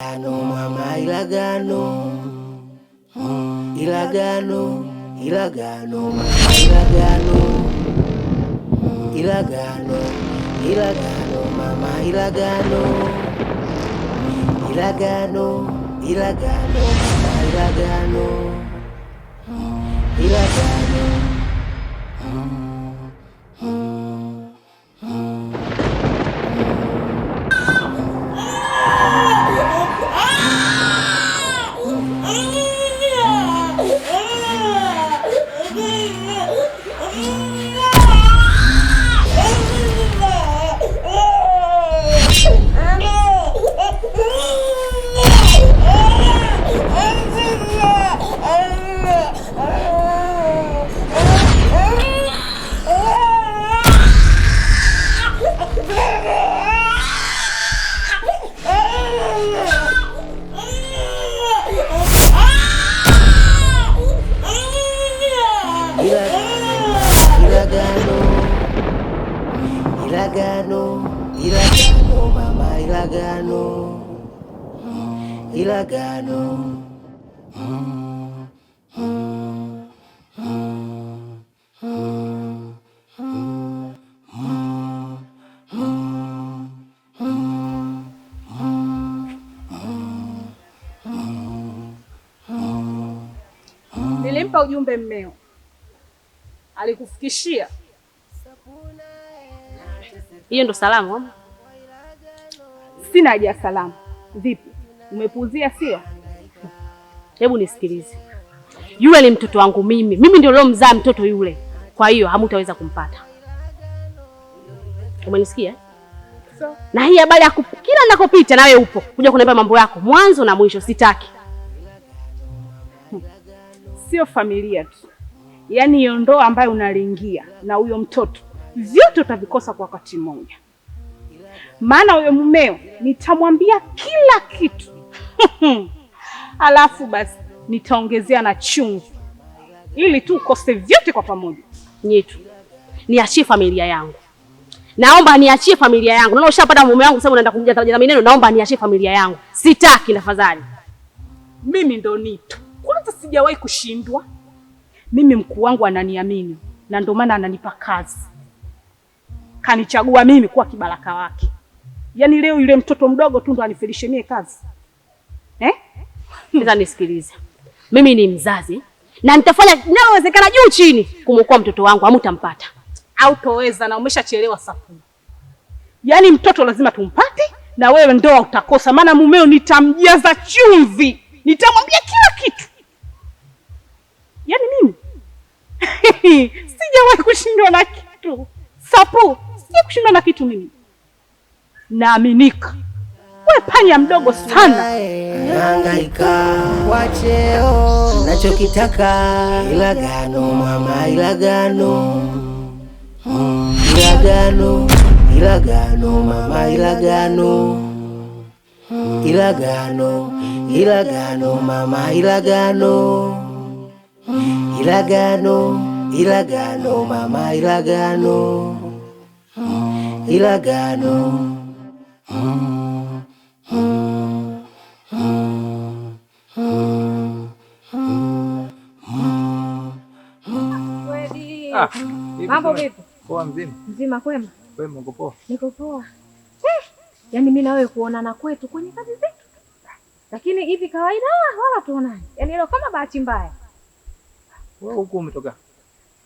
Gano mamá y la Ilagano, mm. y la gano, Ilagano, la gano, mamá ilagano ilagano y la mm. mamá Nilimpa ujumbe mmeo, alikufikishia hiyo? Ndo salamu? Sina haja ya salamu. Vipi, umepuuzia sio? Hebu nisikilize, yule ni mtoto wangu mimi, mimi ndio lomzaa mtoto yule, kwa hiyo hamutaweza kumpata. Umenisikia? So, na hii habari ya kila nakopita nawe upo kuja kuniambia mambo yako mwanzo na mwisho, sitaki sio familia tu, yaani hiyo ndoa ambayo unalingia na huyo mtoto, vyote utavikosa kwa wakati mmoja. Maana huyo mumeo nitamwambia kila kitu alafu basi nitaongezea na chumvi ili tu ukose vyote kwa pamoja. Nyetu, niachie familia yangu, naomba niachie familia yangu. Naona ushapata mume wangu, sasa unaenda tarajia na neno. Naomba niachie familia yangu, sitaki tafadhali. Mimi ndo Nitu kwanza sijawahi kushindwa. Mimi mkuu wangu ananiamini na ndio maana ananipa kazi, kanichagua mimi kuwa kibaraka wake. Yaani leo yule mtoto mdogo tu ndo anifilishe mie kazi eh? Sasa nisikilize, mimi ni mzazi na nitafanya inayowezekana juu chini kumwokoa mtoto wangu, hamtampata autoweza, na umeshachelewa safari. Yaani mtoto lazima tumpate, na wewe ndoa utakosa, maana mumeo nitamjaza chumvi, nitamwambia kila kitu Yaani mimi sijawahi kushindwa na kitu sapo, sija kushindwa na kitu mimi, naaminika. wewe panya mdogo sana, Hangaika kwa cheo nachokitaka, ila gano mama, ila gano ila gano ila gano mama, ila gano ila gano ila gano mama, ila gano Ilagano, Ilagano, mama Ilagano, Ilagano. Ah, mambo vipi? Poa mzima. Mzima kwema? Kwema uko poa? Niko poa. Eh, yaani mimi na wewe kuonana kwetu kwenye kazi zetu. Lakini hivi kawaida wala tuonani. Yaani leo kama bahati mbaya. Wewe huko umetoka?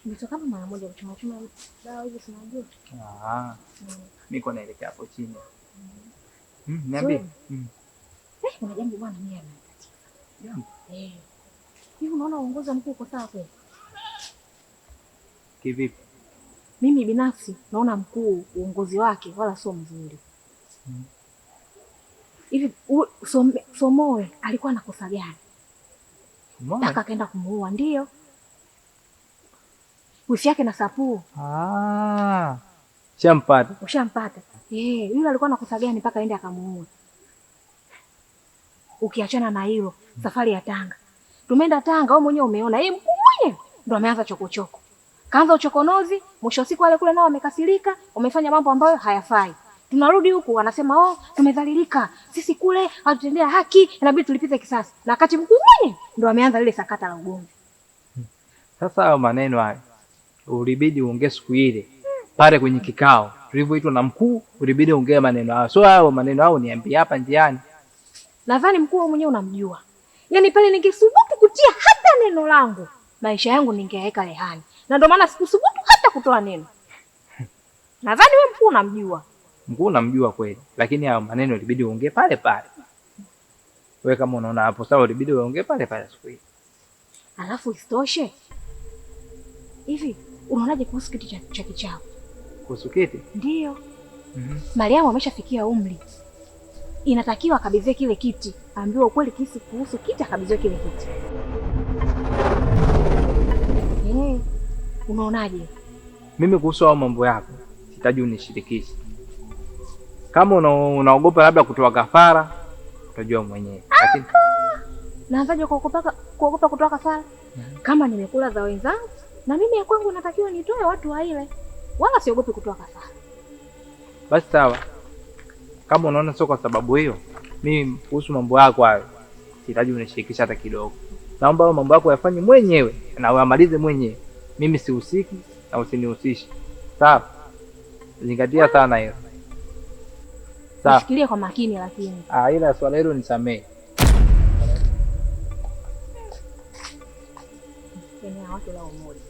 Nimetoka mara moja kuchuma chuma dawa hizo tunajua. Ah. Mimi Niko naelekea hapo chini. Mm, hmm, niambi. Mm. Eh, kuna jambo bwana mimi anatatiza. Jambo. Eh. Hivi unaona uongozi mkuu uko sawa kweli? Kivipi? Mimi binafsi naona mkuu uongozi wake wala sio mzuri. Mm. Hivi Somoe alikuwa anakosa gani? Mpaka akaenda kumuua ndio wifi yake na Sapu. Ah. Shampata. Ushampata. Eh, yule alikuwa na gani mpaka aende akamuua? Ukiachana na hilo, safari ya Tanga. Tumeenda Tanga, wewe mwenyewe umeona. Eh, mwenyewe ndo ameanza chokochoko. Kaanza uchokonozi, mwisho wa siku wale kule nao wamekasirika, wamefanya mambo ambayo hayafai. Tunarudi huku wanasema oh, tumedhalilika sisi, kule hatutendea haki, inabidi tulipize kisasi, na wakati mkuu mwenye ndo ameanza lile sakata la ugomvi. Hmm. Sasa hayo maneno hayo ulibidi uongee siku ile pale kwenye kikao tulivyoitwa na mkuu, ulibidi ongee maneno hayo. So hayo maneno hayo niambie hapa njiani. Nadhani mkuu wao mwenyewe unamjua, yaani pale ningesubutu kutia hata neno langu, maisha yangu ningeweka rehani, na ndio maana sikusubutu hata kutoa neno. Nadhani wewe mkuu unamjua. Mkuu unamjua kweli, lakini hayo maneno ilibidi uongee pale pale. Wewe kama unaona hapo sawa, ulibidi uongee pale pale siku hiyo. Alafu isitoshe hivi unaonaje kuhusu kiti cha kichao? Kuhusu kiti? Ndio. mm -hmm. Mariamu ameshafikia umri, inatakiwa akabidhiwe kile kiti, ambiwa ukweli kisi kuhusu kiti, akabidhiwe kile kiti. unaonaje? Mimi kuhusu hao mambo yako sitaji unishirikishe. Kama unaogopa labda kutoa kafara, utajua mwenyewe. Lakini naanzaje kuogopa kutoa kafara? mm -hmm. Kama nimekula za wenzangu na mimi ya kwangu natakiwa nitoe, watu waile, wala siogopi kutoa kafara. Basi sawa, kama unaona sio kwa sababu hiyo, mimi kuhusu mambo yako hayo sihitaji unishirikisha hata kidogo. Naomba hayo mambo yako yafanye mwenyewe na uyamalize mwenyewe, mimi sihusiki na usinihusishe. Sawa, zingatia sana hiyo. Sawa, shikilia kwa makini, lakini ah, ila swala hilo nisamehe. watu la umoja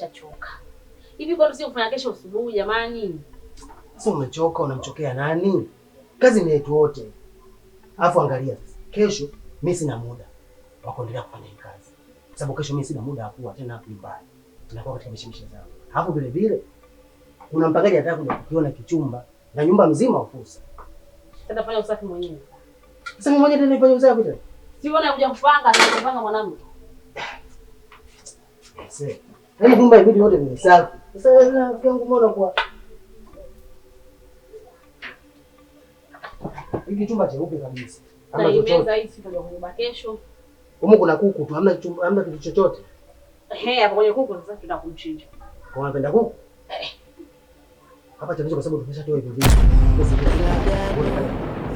nimeshachoka. Hivi kwani sio kufanya kesho asubuhi jamani? Sasa umechoka unamchokea nani? Kazi ni yetu wote. Alafu angalia kesho mimi sina muda wa kuendelea kufanya hii kazi. Sababu kesho mimi sina muda wa kuwa tena hapo nyumbani. Tunakuwa katika mishimisha zao. Alafu vile vile kuna mpangaji anataka kuja kukiona kichumba na nyumba mzima ufusa. Sasa fanya usafi mwenyewe. Sasa mimi mwenyewe ndio nifanye usafi tena. Siona kuja kupanga, kupanga mwanangu. Yes. Yaani nyumba ibidi yote ni safi. Sasa rafiki yangu mbona kwa hiki chumba cheupe kabisa. Kama imeza hii sitakuja kunyumba kesho. Huko kuna kuku tu, hamna chumba, hamna kitu chochote. Ehe, hapo kwenye kuku sasa tutaenda kumchinja. Kwa unapenda kuku? Eh. Hapa tunaweza kwa sababu tumeshatoa hivi vitu.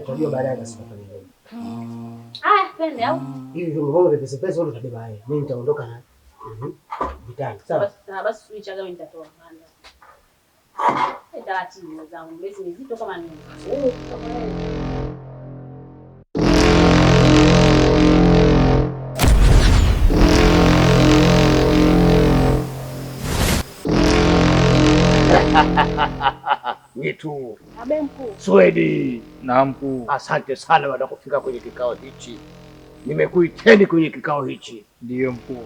tutajua baadaye basi ah. tafanya nini. Haya, twende au? Ah. Hivi vyombo vyangu vya pesa pesa wewe utabeba haya. Mimi nitaondoka na mm-hmm, vitani. Sawa. Sawa basi switch aga mimi nitatoa. Taratibu zangu mlezi mzito kama nini. yetu Swedi. Na mkuu, asante sana baada kufika kwenye kikao hichi, nimekuiteni kwenye kikao hichi. Ndiyo mkuu,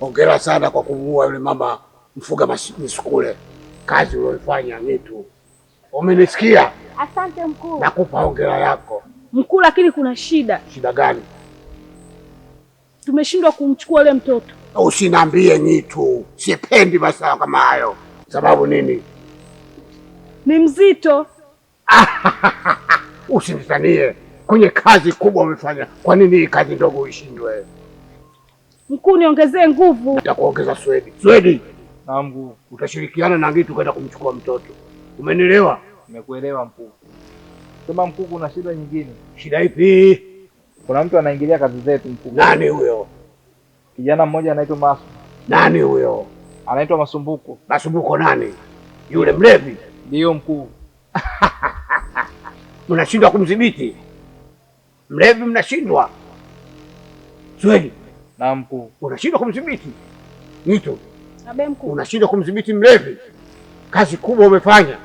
hongera sana kwa kumuua yule mama mfuga misukule. Kazi ulioifanya nitu, umenisikia? Asante mkuu, nakupa hongera yako mkuu, lakini kuna shida. Shida gani? Tumeshindwa kumchukua ule mtoto. Usiniambie nitu, sipendi masala kama hayo. Sababu nini? ni mzito. Usinitanie kwenye kazi kubwa umefanya, kwa nini hii kazi ndogo uishindwe? Mkuu, niongezee nguvu. Nitakuongeza Swedi. Swedi, naam Utashirikiana na Ngitu kwenda kumchukua mtoto, umenielewa? Nimekuelewa mkuu. Sema mkuu, kuna shida nyingine. Shida ipi? Kuna mtu anaingilia kazi zetu mkuu. Nani huyo? Kijana mmoja anaitwa Masu. Nani huyo? Anaitwa Masumbuko. Masumbuko nani? Yule mlevi? ndio mkuu. mnashindwa kumdhibiti mlevi, mnashindwa sweli. Na mkuu. Unashindwa kumdhibiti mtu, unashindwa kumdhibiti mlevi. Kazi kubwa umefanya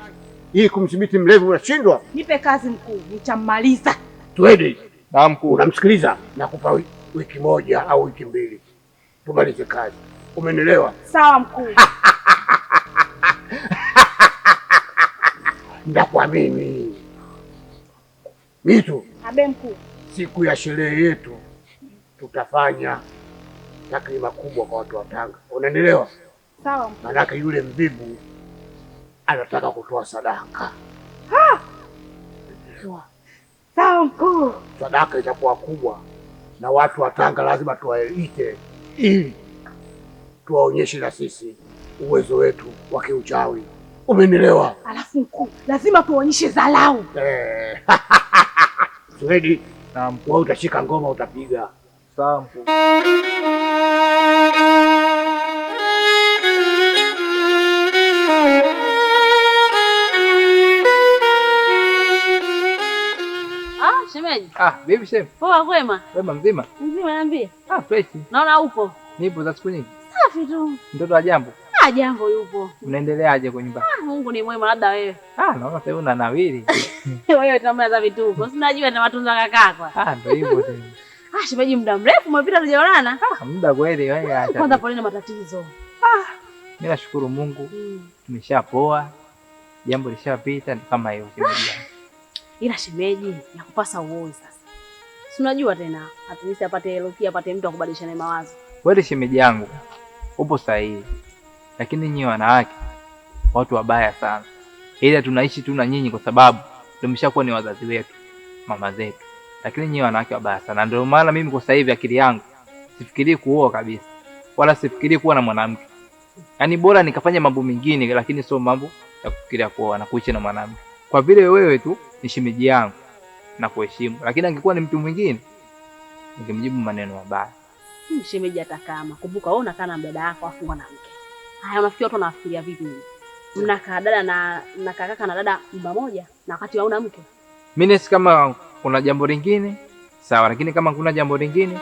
ili kumdhibiti mlevi, unashindwa. Nipe kazi mkuu, nitamaliza. Twende. Na mkuu. Unamsikiliza, nakupa wiki moja au wiki mbili tumalize kazi, umenielewa? Sawa mkuu. Nitakuamini Mitu Abe mkuu, siku ya sherehe yetu tutafanya takrima kubwa kwa watu wa Tanga, unaendelewa? Sawa mkuu. yule mvivu anataka kutoa sadaka. Ha! Sawa mkuu, sadaka itakuwa kubwa na watu wa Tanga lazima tuwaite ili tuwaonyeshe na sisi uwezo wetu wa kiuchawi. Umenielewa? Alafu mkuu, lazima tuonyeshe dharau. Eh. Swedi na mkuu utashika ngoma utapiga. Sawa mkuu. Ah, bibi ah, shem. Poa kwema? Kwema mzima. Mzima niambie. Ah, fresh. Naona upo. Nipo za siku nyingi. Safi tu. Mtoto wa jambo jambo yupo. Unaendeleaje kwa nyumba? Ah, Mungu ni mwema labda wewe. Ah, naona sasa una nawili. Wewe tunamla za vituko. Sinajua na watunza kakako. Ah, ndio hivyo tena. Ah, shemeji muda mrefu umepita tujaonana. Ah, muda kweli wewe acha. Kwanza pole na matatizo. Ah, mimi nashukuru Mungu. Mm. Tumeshapoa. Jambo lishapita ni kama hiyo shemeji. Ah. Ila shemeji, nakupasa uoe sasa. Si unajua tena, at least apate elokia apate mtu akubadilishane mawazo. Wewe shemeji yangu. Upo sahihi lakini nyinyi wanawake watu wabaya sana, ila tunaishi tu na nyinyi kwa sababu tumeshakuwa ni wazazi wetu, mama zetu, lakini nyinyi wanawake wabaya sana. Ndio maana mimi kwa sasa hivi akili yangu sifikirii kuoa kabisa, wala sifikirii kuwa na mwanamke. Yaani bora nikafanya mambo mengine, lakini sio mambo ya kufikiria kuoa na kuishi na mwanamke, kwa vile wewe tu ni shemeji yangu na kuheshimu, lakini angekuwa ni mtu mwingine ningemjibu maneno mabaya. Mshemeji atakama. kumbuka, wewe unakaa na mdada yako afunga na mke Haya, unafikiri watu wanafikiria vipi? Mnakaa dada na mnakaa kaka na dada mba moja, na wakati hauna mke. Mimi kama kuna jambo lingine sawa, lakini kama kuna jambo lingine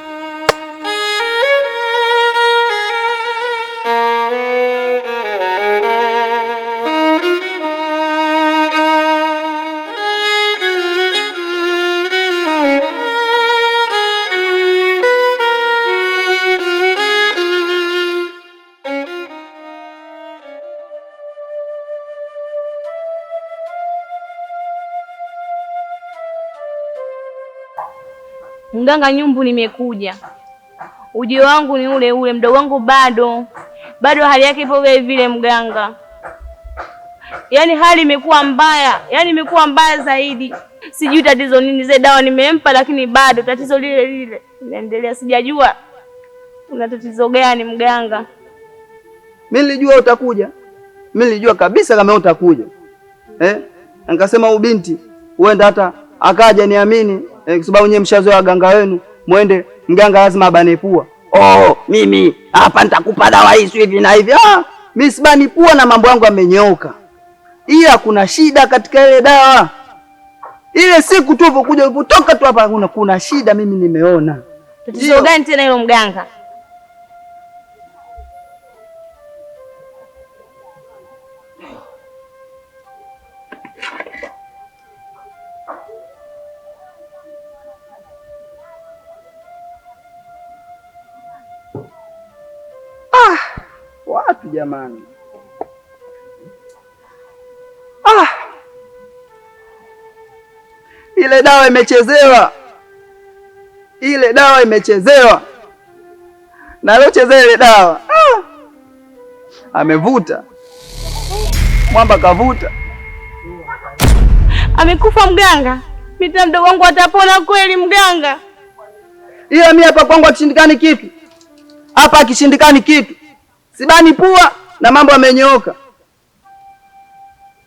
Mganga Nyumbu, nimekuja. Ujio wangu ni ule ule, mdogo wangu bado bado hali yake ipo vile vile mganga. Yaani hali imekuwa mbaya, yaani imekuwa mbaya zaidi. Sijui tatizo nini, zile dawa nimempa, lakini bado tatizo lile lile inaendelea. Sijajua una tatizo gani mganga. Mimi nilijua utakuja, mimi nilijua kabisa kama utakuja eh? Nikasema ubinti huenda hata akaja niamini eh, kwa sababu nyinyi mshazoea waganga wenu, mwende mganga lazima abane pua. Oh, mimi hapa nitakupa dawa hii hivi na hivi. Ah, mimi sibani pua na mambo yangu yamenyooka, ila kuna shida katika ile dawa. Ile siku tu ulipokuja ulipotoka tu hapa kuna, kuna shida mimi nimeona. Tatizo gani tena hilo mganga? watu jamani? Ah, ile dawa imechezewa, ile dawa imechezewa, na aliochezea ile dawa ah, amevuta mwamba, kavuta, amekufa mganga. Mita mdogo wangu atapona kweli mganga? Ila mi hapa kwangu akishindikani kitu, hapa akishindikani kitu sibani pua na mambo yamenyooka.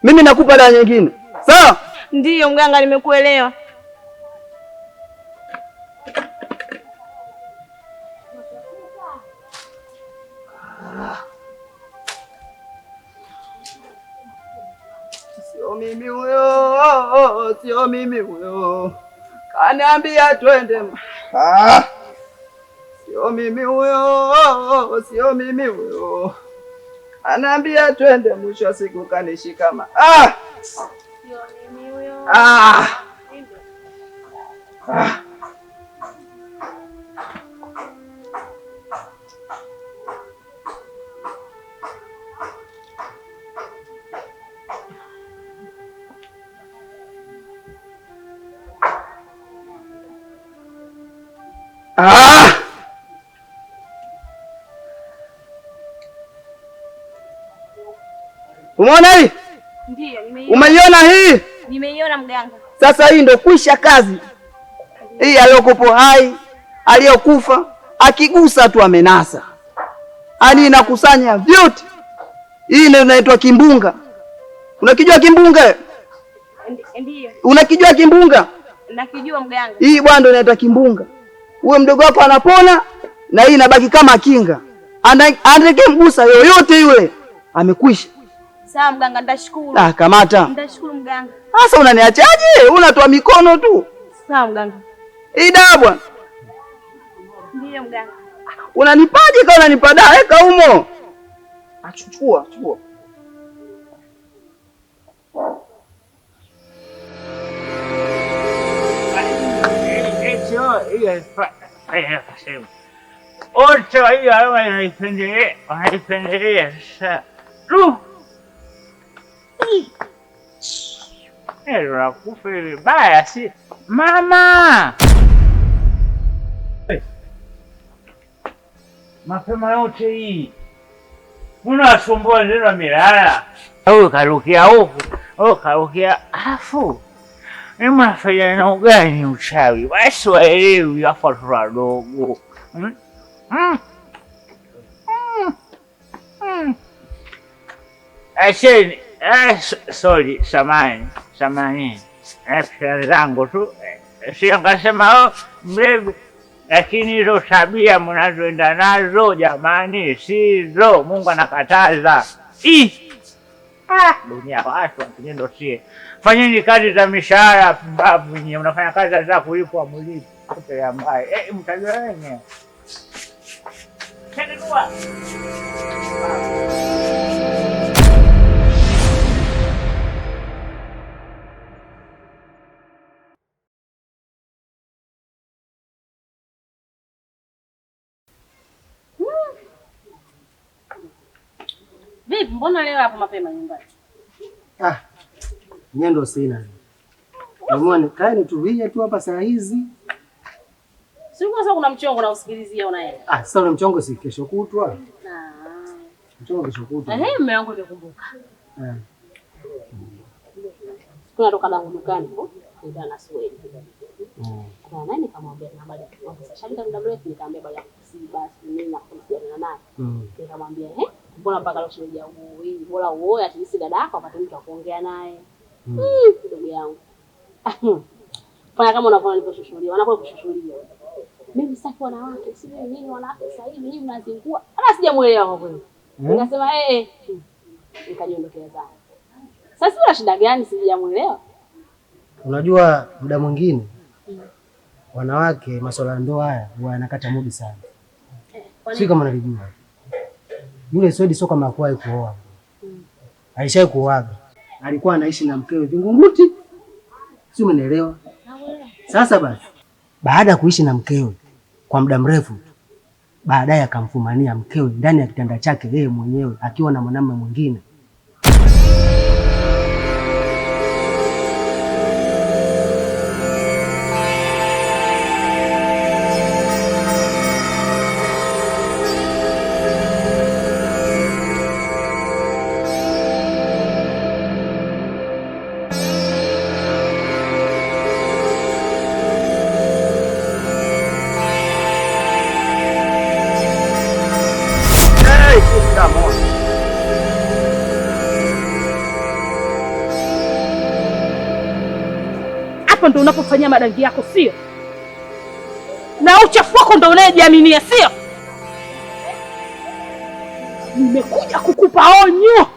Mimi nakupa dawa nyingine sawa? Ndiyo mganga, nimekuelewa. Sio mimi huyo, sio mimi huyo, kaniambia twende. Ah mimi huyo, sio mimi huyo, anaambia twende. Mwisho wa siku kanishikama kama ah! ah! ah! ah! Ah! Umeona hii? Ndiyo, nimeiona. Umeiona hii? Nimeiona mganga. Sasa hii ndio kuisha kazi hii, aliyokupo hai aliyokufa akigusa tu amenasa, Ani inakusanya vyote. Hii ndio inaitwa kimbunga. Unakijua kimbunga? Ndiyo. Unakijua kimbunga? Nakijua mganga. Hii bwana ndio inaitwa kimbunga. Huyo mdogo wako anapona na hii inabaki kama kinga, mgusa yoyote yule amekwisha. Sawa mganga, ndashukuru. Ah, kamata. Ndashukuru mganga. Sasa unaniachaje? Unatoa mikono tu. Sawa mganga. Ida bwana. Ndio mganga. Unanipaje kama unanipa da Weka eh, humo. Achukua, chukua. Ocha hiyo hayo wanaipendelea, wanaipendelea sasa. Era conferir. Parece. Mamá! mapema yote hii unasumbua neno milala au Eu huku au karukia afu nimnafanya na ugani Hum? Hum? Hum? Hum? watoto é, é, wadogo acheni sori samani samahani nafsi zangu tu, sio nkasema oh, mlevi, lakini hizo tabia mnazoenda nazo jamani, sizo. Mungu anakataza ah, dunia watu wakinyendo sie, fanyeni kazi za mishahara. Pumbavu nyie, unafanya kazi za kulipwa mwili kote, mbaye eh, mtajua wenyewe. vipi? Mbona leo hapo mapema nyumbani? Ah, nyendo sina. Umeona, kae nitulie tu hapa saa hizi. Si kwa sababu kuna mchongo na usikilizia unaenda. Ah, sasa una mchongo si kesho kutwa. Ah. Mchongo kesho kutwa. Eh, mume wangu nikumbuka. Eh. Kuna toka na dukani hapo, ndio na swali. Mm. Kuna nani kamwambia na habari ya kwanza. Sasa muda mrefu nikamwambia basi mimi na kuhusiana naye. Mm. Nikamwambia eh mbona mpaka leo sijaja uoe, bora uoe at least dada yako apate mtu wa kuongea naye hmm. ndugu yangu fanya kama unavyoona nilivyoshuhudia, wanakuwa kushuhudia mimi sitaki wanawake, si mimi nini, wanawake sasa hivi hivi mnazingua. Ana sijamuelewa kwa kweli, hmm? nikasema eh, eh. nikajiondokea zangu. Sasa si una shida gani, sijamuelewa. Unajua muda mwingine wanawake masuala ya ndoa haya huwa yanakata mudi sana, eh, si kama unalijua yule Swedi sio kama hakuwahi kuoa. Mm. Alishai kuoaga. Alikuwa anaishi na mkewe Vingunguti. siu umeelewa? Sasa basi baada ya kuishi na mkewe kwa muda mrefu, baadaye akamfumania mkewe ndani ya kitanda chake yeye mwenyewe akiwa na mwanamume mwingine. hapo ndo unapofanyia madangi yako, sio? Na uchafu wako ndo unayejiaminia, sio? Nimekuja kukupa onyo,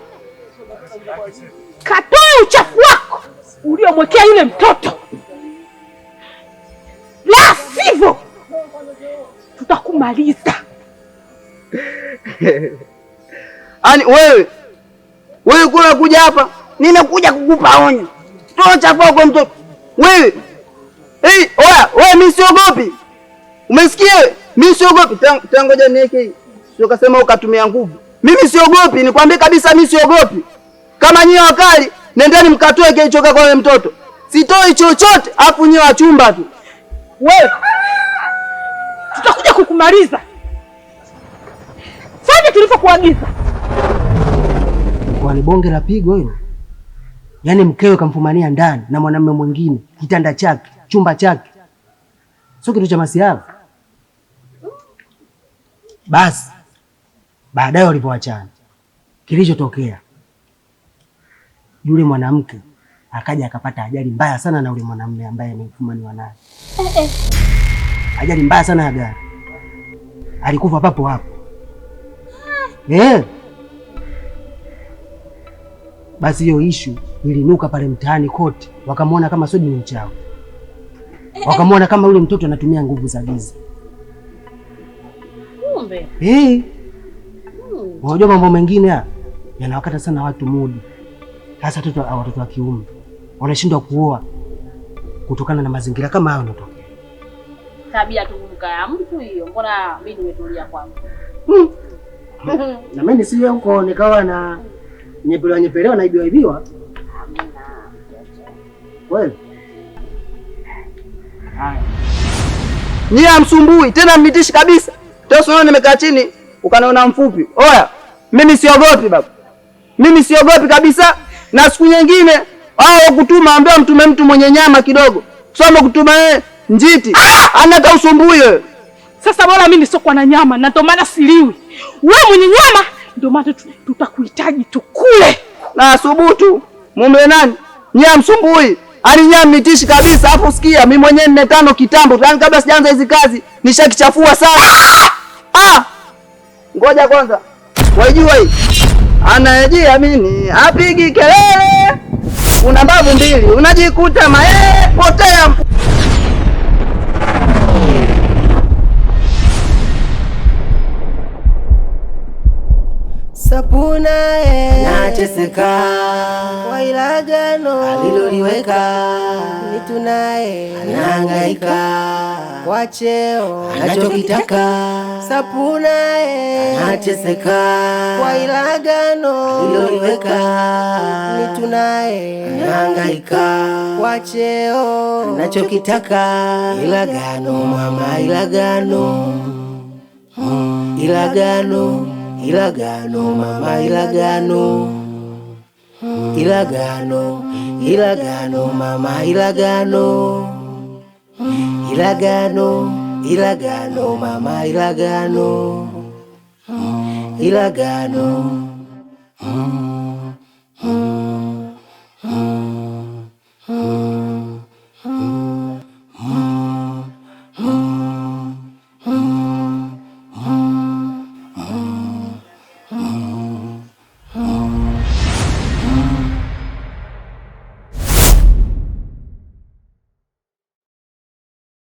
katoe uchafu wako uliomwekea yule mtoto, la sivyo tutakumaliza. Ani wewe wewe, kuna kuja hapa, ninakuja kukupa onyo, toa uchafu wako mtoto wewe. Hey, oya, wewe mimi siogopi. Umesikia wewe? Mimi siogopi. Tangoja niweke. Sio kasema ukatumia nguvu. Mimi siogopi, nikwambie kabisa mimi siogopi. Kama nyie wakali, nendeni mkatoe kilichoka kwa mtoto. Sitoi chochote, afu nyie wachumba tu. Wewe. Tutakuja kukumaliza. Fanya tulivyokuagiza. Kwani bonge la pigo hilo? Yaani mkewe kamfumania ndani na mwanamume mwingine, kitanda chake, chumba chake, sio kitu cha masiara. Basi baadaye walipoachana, kilichotokea yule mwanamke akaja akapata ajali mbaya sana na yule mwanamume ambaye amefumaniwa naye, eh, eh. ajali mbaya sana ya gari, alikufa papo hapo eh. Basi hiyo issue ilinuka pale mtaani kote, wakamwona kama Sudi ni mchawi, eh, eh. wakamwona kama yule mtoto anatumia nguvu za giza. Kumbe hey. Eh. Hmm. Unajua mambo mengine yanawakata sana watu mudi, hasa watoto wa kiume wanashindwa kuoa kutokana na mazingira kama hayo yanatokea. Tabia tunuka ya mtu hiyo, mbona mimi nimetulia kwangu. Hmm. Na mimi nisiwe huko nikawa na nyepelewa nyepelewa na ibiwa ibiwa. Kweli? Haya. Nyie hamsumbui tena mnitishi kabisa. Tosono nimekaa chini ukanaona mfupi. Oya, mimi siogopi baba. Mimi siogopi kabisa na siku nyingine hao kutuma ambao mtume mtu mwenye nyama kidogo. Soma kutuma yeye njiti. Ana ta usumbui wewe. Sasa bora mimi nisokuwa na nyama na ndio maana siliwi. Wewe mwenye nyama ndio maana tutakuhitaji tukule. Na subutu. mume nani? Nyie hamsumbui mitishi kabisa. Hapo sikia, mimi mwenyewe nne tano kitambo, yaani kabla sijaanza hizi kazi nishakichafua sana. Ah! ah! Ngoja kwanza. Wajua hii. Anayejiamini apigi kelele. Una mbavu mbili, unajikuta mae potea. Utapuna eh, nateseka kwa ila agano aliloliweka, mtu naye eh. anahangaika kwa cheo anachokitaka. Sapuna eh, nateseka kwa ila agano aliloliweka, mtu naye eh. anahangaika kwa cheo anachokitaka. Ila gano mama, ilagano hmm, gano, ila gano Ilagano, mama ilagano. Ilagano, ilagano, mama ilagano. Ilagano, ilagano, mama ilagano. Ilagano. Mm.